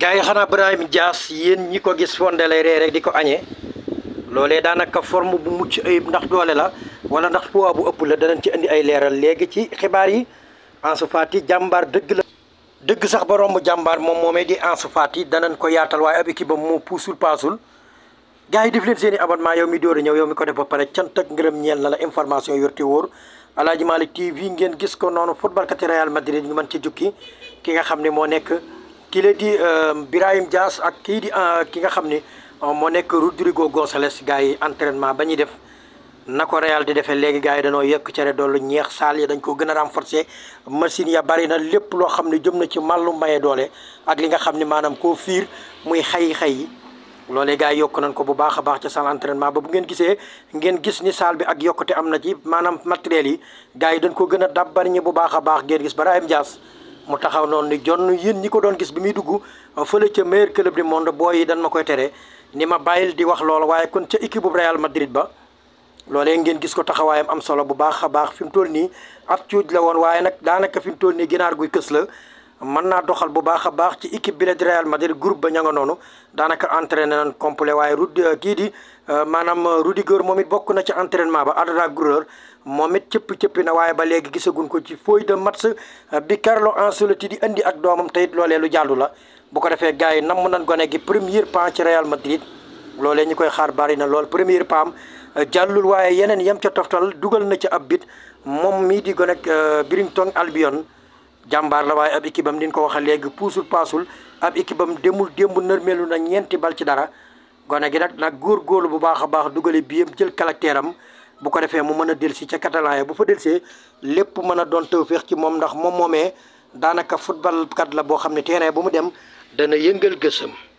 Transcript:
gars yi xanaa Barham Dias yéen ñi ko gis fonde lay ree rek di ko añee loolee daanaka forme bu mucc ayib ndax doole la wala ndax poids bu ëpp la danañ ci indi ay leeral léegi ci xibaar yi Ansu Fati jàmbaar dëgg la dëgg sax ba romb jàmbaar moom moomee di Ansu Fati danañ ko yaatal waaye ab équipe ba moo puusul paasul gars yi def leen seen i abonnement yow mi door a ñëw yow mi ko def ba pare cant ak ñeel na la information yor te wóor Aladji Malick TV ngeen gis ko noonu footballkat Real Madrid ñu mën ci jukki ki nga xam ne moo nekk kii la di euh, Birahim Diaz ak kii di euh, ki nga xam ni euh, moo nekk Rodrigo Gonçalves gars yi entraînement ba ñuy def na ko Real di defee léegi gars yi dañoo yekk cere doolu ñeex saal yi dañ ko gën a renforcer machine ya bari na lépp loo xam ne jëm na ci màllu maye doole ak li nga xam ne maanaam ko fiir muy xay xay yi loolee gars yokk nañ ko bu baax a baax ci salle entraînement ba bu ngeen gisee ngeen gis ni salle bi ak yokkute am na ci maanaam matériel yi gars yi dañ ko gën a dabbar ñi bu baax a baax ngeen gis Brahim Diaz mu taxaw noonu ni jonn yéen ñi ko doon gis bi muy dugg uh, fële ca meilleur club du monde booy yi dañ ma koy tere ni ma bàyyil di wax loola waaye kon ca équipe bu Real Madrid ba loole ngeen gis ko taxawaayam am solo bu baax a baax fi mu toll nii ab cuuj la woon waaye nag daanaka fi mu toll nii ginaar guy kës la mën naa doxal bu baax a baax ci équipe bi la di Real Madrid groupe ba ña nga noonu daanaka entraîné nañ complet waaye Rudi euh, kii di euh, maanaam euh, Rudiger moom it bokk na ci entraînement ba Arda Güler moom it cëpp cëppi na waaye ba léegi gisaguñ ko ci feuille de match bi Carlo Ancelotti di indi ak doomam teyit loole lu jàllu la bu ko defee gars yi namm nañ gone gi premier pas ci Real Madrid loolee ñu koy xaar bari na lool premier pam am jàllul waaye yeneen yam ca toftal dugal na ci ab bit moom mii di gone ak Brighton Albion jàmbaar la waaye ab équipe am ni ko waxee léegi puusul paasul ab équipe am demul démb nërmeelu na ñeenti bal ci dara gone gi nag góor góorgóorlu bu baax a baax dugale bi yam jël caractère bu ko defee mu mën a delsi ca catalan bu fa delsee lépp mën a doon féex ci moom ndax moom moomee daanaka football kat la boo xam ne terrain bu mu dem dana yëngal gësam